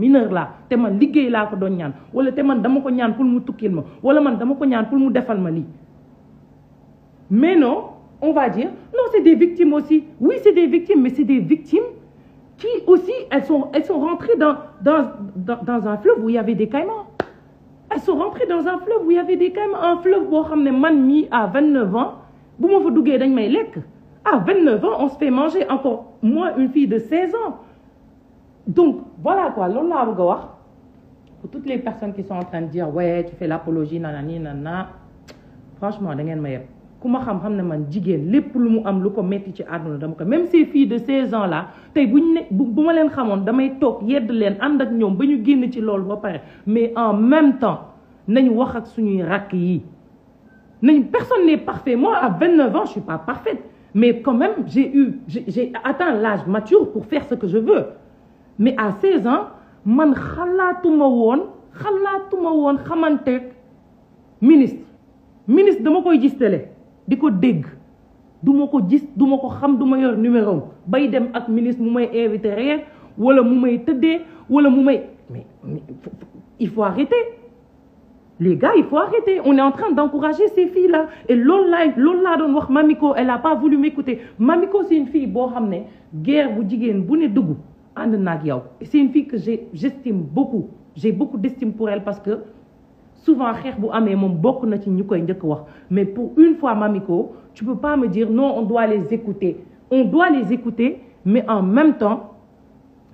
mineur laa te man liggéey laa ko doon ñaan wala te man dama ko ñaan pour mu tukkil wala man dama ko ñaan pour mu defal ma lii mais non on va dire non c'est des victimes aussi oui c'est des victimes mais c'est des victimes qui aussi elles sont elles sont rentrées dans dans dans, dans un fleuve où il y avait des caïmans un fleuve y avait des caïmans un fleuve boo xam ne man mii à 29 ans bu ma fa duggee dañ may lekk à 29 ans on se fait manger encore moi une fille de 16 ans donc voilà quoi loolu laa bëgg wax pour toutes les personnes qui sont en train de dire ouais tu fais l'apologie nanani nanana franchement da ngeen ma yeb ku ma xam xam ne man jigéen lépp lu mu am lu ko metti ci àdduna dama ko même ces fii de 16 ans là tey buñ ne bu ma leen xamoon damay toog yedd leen ànd ak ñoom ba ñu génne ci loolu ba pare mais en même temps nañu wax ak suñuy rakk yi nañu personne n'est parfait moi à 29 ans je suis pas parfaite mais quand même j'ai eu j'ai atteint l'âge mais à 16 ans man xalaatuma woon xalaatuma woon xamanteeg ministre ministre dama koy gis di ko dégg duma ko gis duma ko xam du ma yor numéro bay dem ak ministre mu may invité rien wala mu may tëddee wala mu may mais il faut arrêter les gars il faut arrêter on est en train d'encourager ces filles là et loolu laay loolu laa doon wax Mamiko elle a pas voulu m'écouter Mamiko c'est une fille boo xam ne guerre bu jigéen bu ne dugg ànd naa ak yow c'est une fille que j'ai j'estime beaucoup j'ai beaucoup d'estime pour elle parce que souvent xeex bu amee moom bokk na ci ñu koy njëkk wax mais pour une fois Mamiko tu peux pas me dire non on doit les écouter on doit les écouter mais en même temps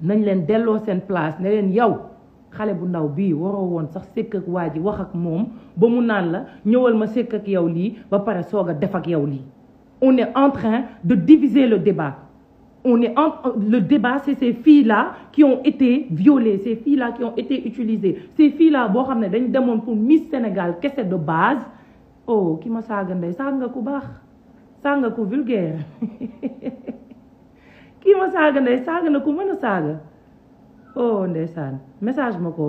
nañ leen delloo seen place ne leen yow xale bu ndaw bii waroo woon sax sekk ak waa ji wax ak moom ba mu naan la ñëwal ma sekk ak yow lii ba pare soog a def ak yow lii on est en train de diviser le débat on est en le débat c'est ces filles-là qui ont été violées ces filles-là qui ont été utilisées ces filles-là boo xam ne dañ demoon pour mis Sénégal kese de base oh ki ma saaga ndey saaga nga ku baax saaga nga ku vulgaire kii ma saaga ndey saaga na ku mën a saaga oh ndeysaan message ma ko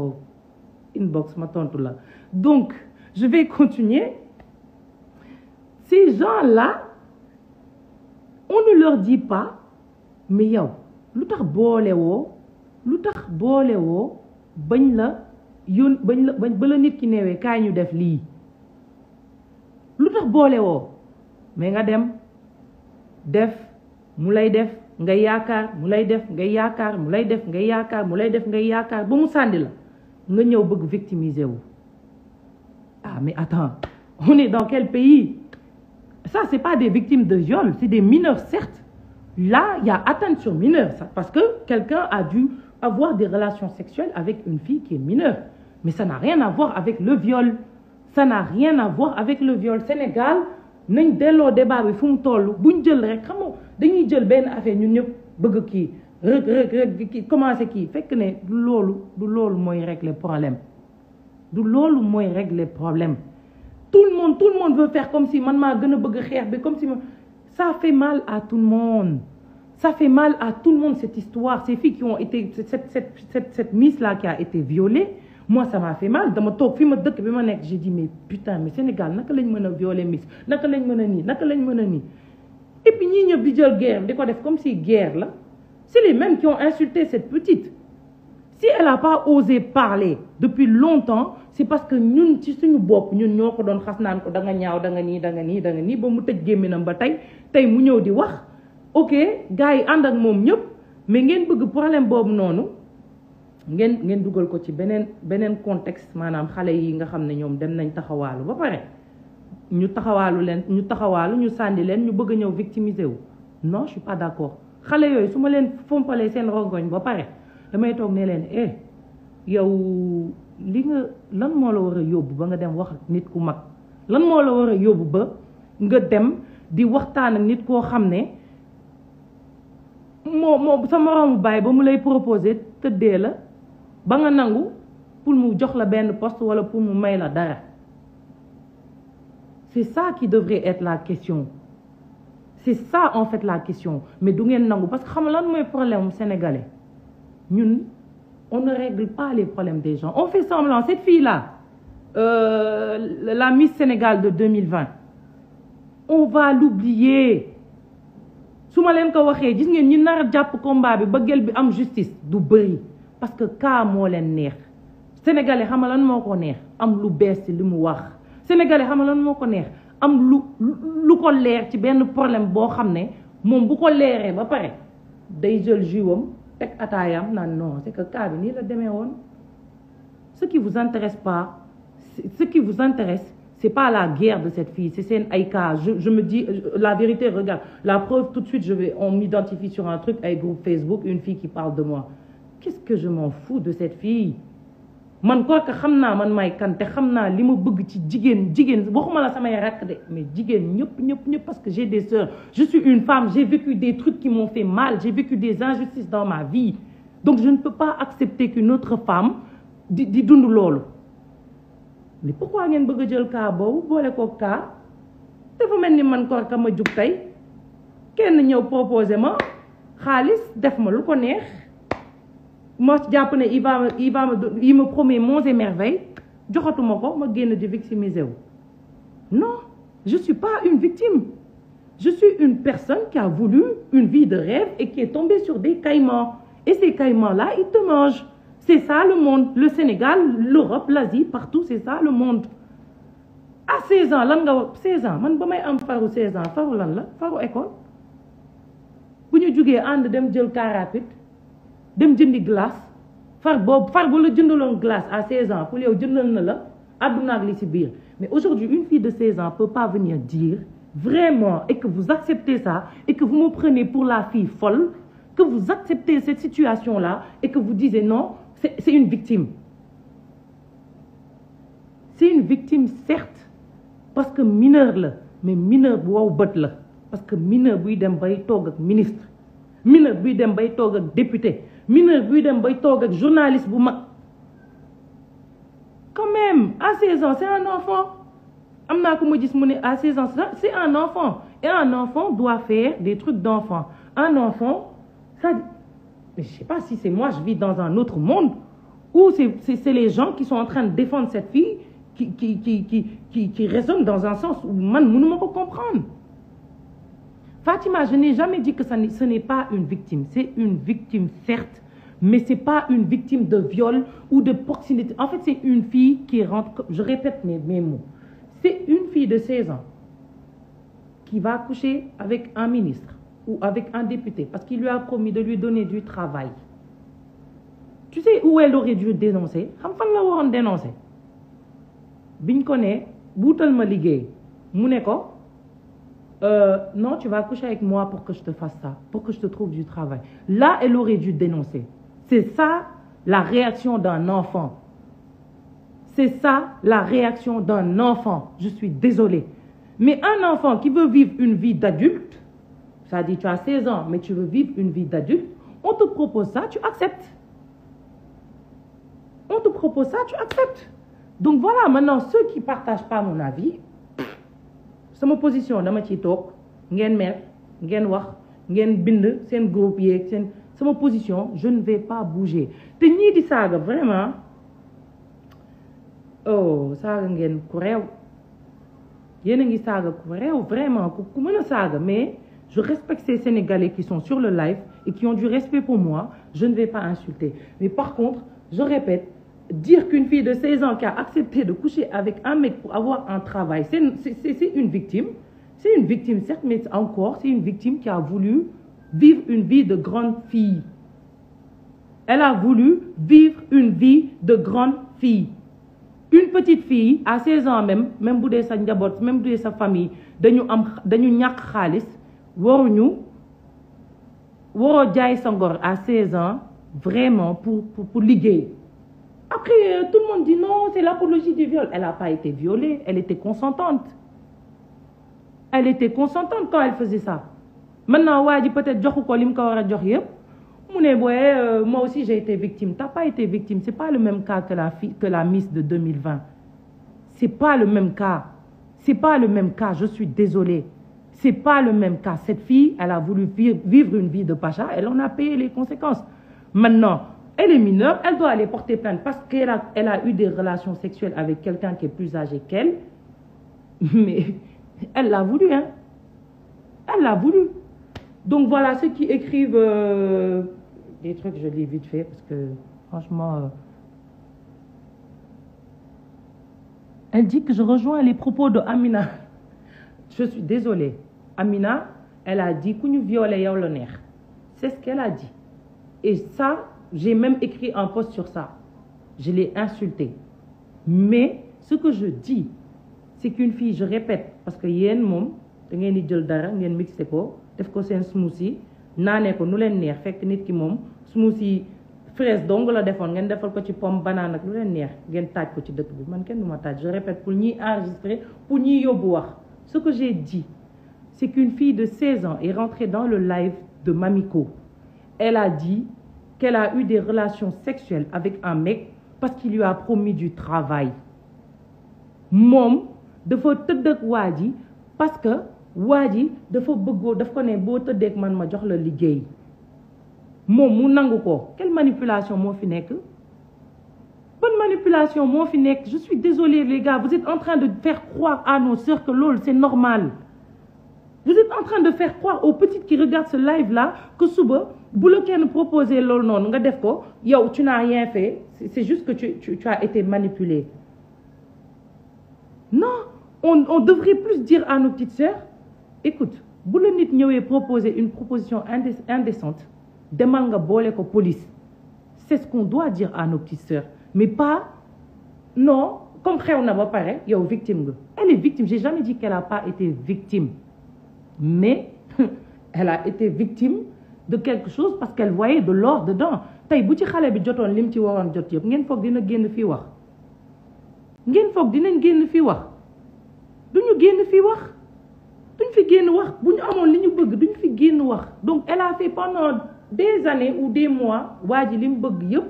inbox ma tontu la donc je vais continuer ces gens-là on ne leur dit pas mi yow lu tax boole woo lu tax boolewoo bañ la yoon bañ la bañ ba la nit ki neewee kaay ñu def lii lu tax boolewoo mais nga dem def mu lay def nga yaakaar mu lay def nga yaakaar mu lay def nga yaakaar mu lay def nga yaakaar ba mu sànni la nga ñëw bëgg victimiser wu ah mais attends on est dans quel pays ça c'est pas des victimes de viol c'est des mineurs certes Là, il attention a atteinte sur mineur, parce que quelqu'un a dû avoir des relations sexuelles avec une fille qui est mineure. Mais ça n'a rien à voir avec le viol. Ça n'a rien à voir avec le viol. Sénégal nañ delloo débat bi fu mu toll buñ jël rek xam nga dañuy jël benn affaire ñun ñëpp bëgg kii rek rek rek kii commencé kii fekk ne du loolu du loolu mooy régler problème du loolu mooy régler problème tout le monde tout le monde veut faire comme si man maa gën a bëgg xeex bi comme si Ça fait mal à tout le monde. Ça fait mal à tout le monde, cette histoire. Ces filles qui ont été... Cette, cette, cette, cette miss-là qui a été violée, moi, ça m'a fait mal. dama toog fii ma dëkk bi ma nekk j'ai dit mais putain mais Sénégal naka lañ mën a violer miss naka lañ mën a nii naka lañ mën a nii et puis ñii ñëpp di jël guerre di ko def comme si guerre la c'est les mêmes qui ont insulté cette si elle a pas osé parler depuis longtemps c'est parce que ñun ci suñu bopp ñun ñoo ko doon xas naan ko da nga ñaaw da nga nii da nga nii da nii ba mu tëj gémminam ba tey tey mu ñëw di wax ok gars yi ànd ak moom ñëpp mais ngeen bëgg problème boobu noonu ngeen ngeen dugal ko ci beneen beneen contexte maanaam xale yi nga xam ne ñoom dem nañ taxawaalu ba pare ñu taxawaalu leen ñu taxawaalu ñu sànni leen ñu bëgg a ñëw victimiser wu non je suis pas d'accord xale yooyu su leen fompalee seen rongoñ ba pare damay toog ne leen eh yow li nga lan moo la war a yóbbu ba nga dem wax nit ku mag lan moo la war a yóbbu ba nga dem di waxtaan ak nit koo xam ne moo moo sa moroomu baay ba mu lay proposer tëddee la ba nga nangu pour mu jox la benn poste walla pour mu may la dara c'est ça qui devrait être la question c'est ça en fait la question mais du ngeen nangu parce que xam lan mooy problème mu sénégalais ñun on ne règle pas les problèmes des gens on fait semblant cette fii là euh, la Miss Sénégal de 2020 on va l'oublier su ma leen ko waxee gis ngeen ñi nar a jàpp combat bi ba gel bi am justice du bëri parce que cas moo leen neex sénégalais xam lan moo ko neex am lu bees ci li mu wax sénégalais xam lan moo ko neex am lu lu ko leer ci benn problème boo xam ne moom bu ko leeree ba pare day jël juwam teg ataayam naan non c'est que cas bi nii la demee woon ce qui vous intéresse pas ce qui vous intéresse c'est pas la guerre de cette fille c'est seen ay cas je je me dis la vérité regarde la preuve tout de suite je vais on m'identifie sur un truc ay groupe Facebook une fille qui parle de moi qu'est-ce que je m'en fous de cette fille man parce que xam naa man may kan te xam naa li ma bëgg ci jigéen jigéen waxuma la samay rakk de mais jigéen ñëpp ñëpp ñëpp parce que j'ai des sœurs je suis une femme j'ai vécu des trucs qui m'ont fait mal j'ai vécu des injustices dans ma vie donc je ne peux pas accepter qu'une autre femme di di dund loolu mais pourquoi ngeen bëgg a jël cas boobu boole ko cas dafa mel ni man Korka ma jug tey kenn ñëw proposé ma xaalis def ma lu ko neex ma jàpp ne il va il va il me promet monts et merveilles joxatuma ko ma génn di victimiser wu non je suis pas une victime je suis une personne qui a voulu une vie de rêve et qui est tombée sur des caïmans et ces caïmans là ils te c'est ça le monde le Sénégal l'Europe l'Asie partout c'est ça le monde à 16 ans lan nga wax 16 ans man ba may am faru 16 ans faru lan la faru école bu ñu jugee ànd dem jël car dem jëndi glace far boobu far bu la jëndaloon glace à 16 ans pour yow jëndal na la àdduna ak li si biir mais aujourd'hui une fille de 16 ans peut pas venir dire vraiment et que vous acceptez ça et que vous me prenez pour la fille folle que vous acceptez cette situation la et que vous disiez non c'est une victime c'est une victime certes parce que mineur la mais mineur bu waw bët la parce que mineur buy dem bay toog ak ministre mineur buy dem bay toog ak député mineur buy dem bay toog ak journaliste bu mag quand même à 16 ans c'est un enfant am naa ko ma gis mu ne à 16 ans c'est un enfant et un enfant doit faire des trucs d'enfant un enfant ça je sais pas si c'est moi je vis dans un autre monde ou c'est c'est les gens qui sont en train de défendre fi fille qui qui qui qui qui qui, qui résonne dans un sens où man mënuma ko comprendre Fatima, je n'ai jamais dit que ça ce n'est pas une victime. C'est une victime, certes, mais ce n'est pas une victime de viol ou de proxénétisme. En fait, c'est une fille qui rentre, je répète mes, mes mots, c'est une fille de 16 ans qui va coucher avec un ministre ou avec un député parce qu'il lui a promis de lui donner du travail. Tu sais où elle aurait dû dénoncer xam fan la waroon dénoncer biñ ko ne buutal ma liggéey mu ne ko euh, non, tu vas coucher avec moi pour que je te fasse ça, pour que je te trouve du travail. Là, elle aurait dû dénoncer. C'est ça la réaction d'un enfant. C'est ça la réaction d'un enfant. Je suis désolée. Mais un enfant qui veut vivre une vie d'adulte, ça dit tu as 16 ans, mais tu veux vivre une vie d'adulte, on te propose ça, tu acceptes. On te propose ça, tu acceptes. Donc voilà, maintenant, ceux qui ne partagent pas mon avis, sama position dama ciy toog ngeen mer ngeen wax ngeen bind seen groupe yeeg seen sama position je ne vais pas bouger te ñii di saaga vraiment oh saaga ngeen ku réew yéen a ngi saaga ku réew vraiment ku mën a saaga mais je respecte ces Sénégalais qui sont sur le live et qui ont du respect pour moi je ne vais pas insulter mais par contre je répète dire qu'une fille de 16 ans qui a accepté de coucher avec un mec pour avoir un travail, c'est une victime. C'est une victime, certes, mais encore, c'est une victime qui a voulu vivre une vie de grande fille. Elle a voulu vivre une vie de grande fille. Une petite fille, à 16 ans même, même si sa njabot, même si sa famille, dañu am dañu ñàkk xaalis waruñu waroo jaay sa à 16 ans vraiment pour pour liggéey Après, euh, tout le monde dit non, c'est l'apologie du viol. Elle n'a pas été violée, elle était consentante. Elle était consentante quand elle faisait ça. Maintenant, ouais, dit peut-être joxu ko lim ko wara jox yépp. Mu ne boy, euh, moi aussi j'ai été victime. T'as pas été victime, c'est pas le même cas que la fille, que la Miss de 2020. C'est pas le même cas. C'est pas le même cas, je suis désolée. C'est pas le même cas. Cette fille, elle a voulu vivre une vie de pacha, elle en a payé les conséquences. Maintenant, Elle est mineure, elle doit aller porter plainte parce qu'elle a, elle a eu des relations sexuelles avec quelqu'un qui est plus âgé qu'elle. Mais elle l'a voulu, hein. Elle l'a voulu. Donc voilà, ceux qui écrivent euh, des trucs, je l'ai vite fait parce que franchement... Euh, elle dit que je rejoins les propos de Amina. Je suis désolée. Amina, elle a dit que nous violons C'est ce qu'elle a dit. Et ça, j'ai même écrit un post sur ça. Je l'ai insulté. Mais ce que je dis, c'est qu'une fille, je répète, parce que yéen moom da ngeen di jël dara ngeen mixé ko def ko seen smoothie naanee ko nu leen neex fekk nit ki moom smoothie fraise dong la defoon ngeen defal ko ci pomme banane ak lu leen neex ngeen taaj ko ci dëkk bi man kenn du ma taaj je répète pour ñuy enregistrer pour ñuy yóbbu wax ce que j'ai dit c'est qu'une fille de 16 ans est rentrée dans le live de Mamiko qu'elle a eu des relations sexuelles avec un mec parce qu'il lui a promis du travail moom dafa tëdd ak waa ji parce que waa ji dafa bëggoo daf ko ne boo tëddeek man ma jox la liggéey moom mu nangu ko quelle manipulation moo fi nekk bonne manipulation moo fi nekk je suis désolée les vous êtes en train de faire croire à nos sœurs loolu c'est normal vous êtes en train de faire croire aux petites qui regardent ce live là que suba bu la kenn proposé loolu noonu nga def ko yow tu n'as rien fait c'est juste que tu, tu, tu as été manipulé non on on devrait plus dire à nos petites sœurs écoute bu la nit ñëwee proposer une proposition indécente demal nga boole ko police c'est ce qu'on doit dire à nos petites sœurs mais pas non comme xew na ba pare yow victime nga elle est victime j'ai jamais dit qu'elle a pas été victime mais elle a été victime de quelque chose parce qu'elle voyait de l'or dedans tey bu ci xale bi jotoon lim ci waroon jot yëpp ngeen foog dina génn fii wax ngeen foog dina génn fii wax duñu génn fii wax duñ fi génn wax bu ñu amoon li ñu bëgg duñ fi génn wax donc elle a fait pendant des années ou des mois waa ji li mu bëgg yëpp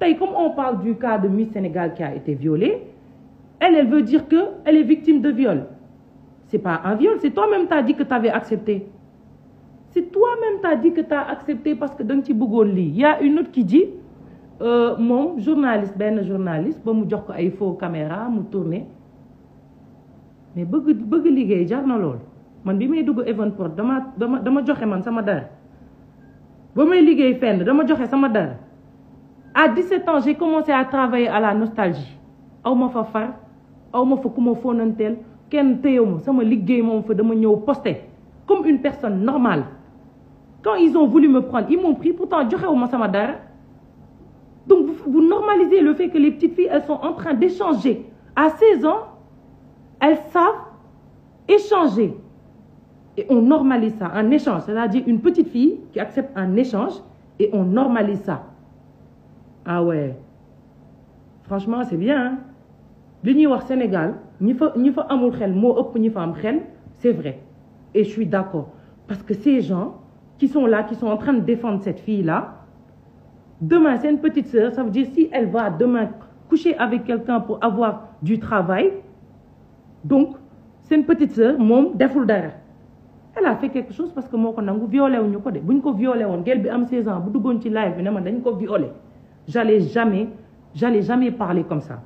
tey comme on parle du cas de Miss Sénégal qui a été violée elle elle veut dire que elle victime de viol c'est pas un viol c'est toi-même t'as dit que t'avais accepté c'est toi-même t'as dit que t'as accepté parce que da nga ci bëggoon lii y a une autre qui dit euh, moom journaliste benn journaliste ba mu jox ko ay fo caméra mu tourné mais bëgg bëgg liggéey jar na lool man bi may dugg Evenport dama dama dama joxe man sama dara ba may liggéey fenn dama joxe sama dara à 17 ans j'ai commencé à travailler à la nostalgie aw ma fa far aw ma fa ku ma fonanteel kenn téyewu ma sama liggéey moom fa dama ñëw posté comme une personne normale quand ils ont voulu me prendre ils m'ont pris pourtant joxewu ma sama dara donc vous normalisez le fait que les petites filles elles sont en train d'échanger à 16 ans elles savent échanger et on normalise ça un échange c'est-à-dire une petite fille qui accepte un échange et on normalise ça ah ouais franchement c'est bien li ñuy wax Sénégal ñi fa ñi fa amul xel moo ëpp ñi fa am xel c'est vrai et je suis d'accord parce que ces gens qui sont là qui sont en train de défendre cette fille là demain c'est une petite sœur ça veut dire si elle va demain coucher avec quelqu'un pour avoir du travail donc seen petite sœur moom deful dara elle a fait quelque chose parce que moo ko nangu violé wuñu ko de bu woon gel bi am 16 ans bu duggoon ci live bi ne man dañ ko violé j'allais jamais j'allais jamais parler comme ça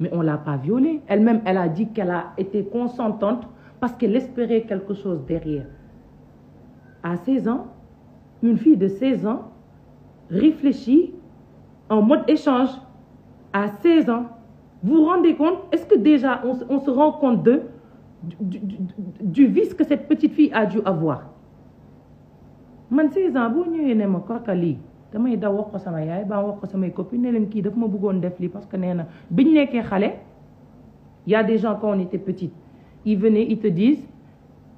mais on l'a pas violée. Elle-même, elle a dit qu'elle a été consentante parce qu'elle espérait quelque chose derrière. À 16 ans, une fille de 16 ans réfléchit en mode échange. À 16 ans, vous vous rendez compte? Est-ce que déjà on, on se rend compte de du, du, du vice que cette petite fille a dû avoir? man 16 ans boo ñëwee ne ma kooka lii damay daw wax ko sama yaay baa wax ko samay copine ne leen kii daf ma bëggoon def lii parce que nee na biñ nekkee xale y des gens quand on était petite ils venaient ils te disent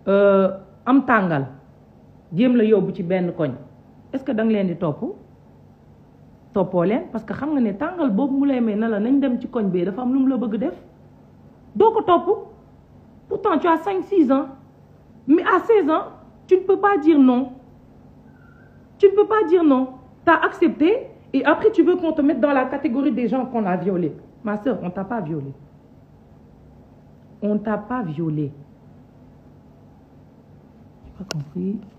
euh, am tàngal jéem la yóbbu ci benn koñ est-ce que da nga leen di topp toppoo leen parce que xam nga ne tàngal boobu mu lay may na la nañ dem ci koñ bi dafa am lu mu la bëgg def doo ko topp pourtant tu cinq six ans mais à seize ans tu ne peux pas dire non tu ne pas dire non tu as accepté et après tu veux qu'on te mette dans la catégorie des gens qu'on a violés. Ma soeur, on t'a pas violé. On t'a pas violé. J'ai pas compris.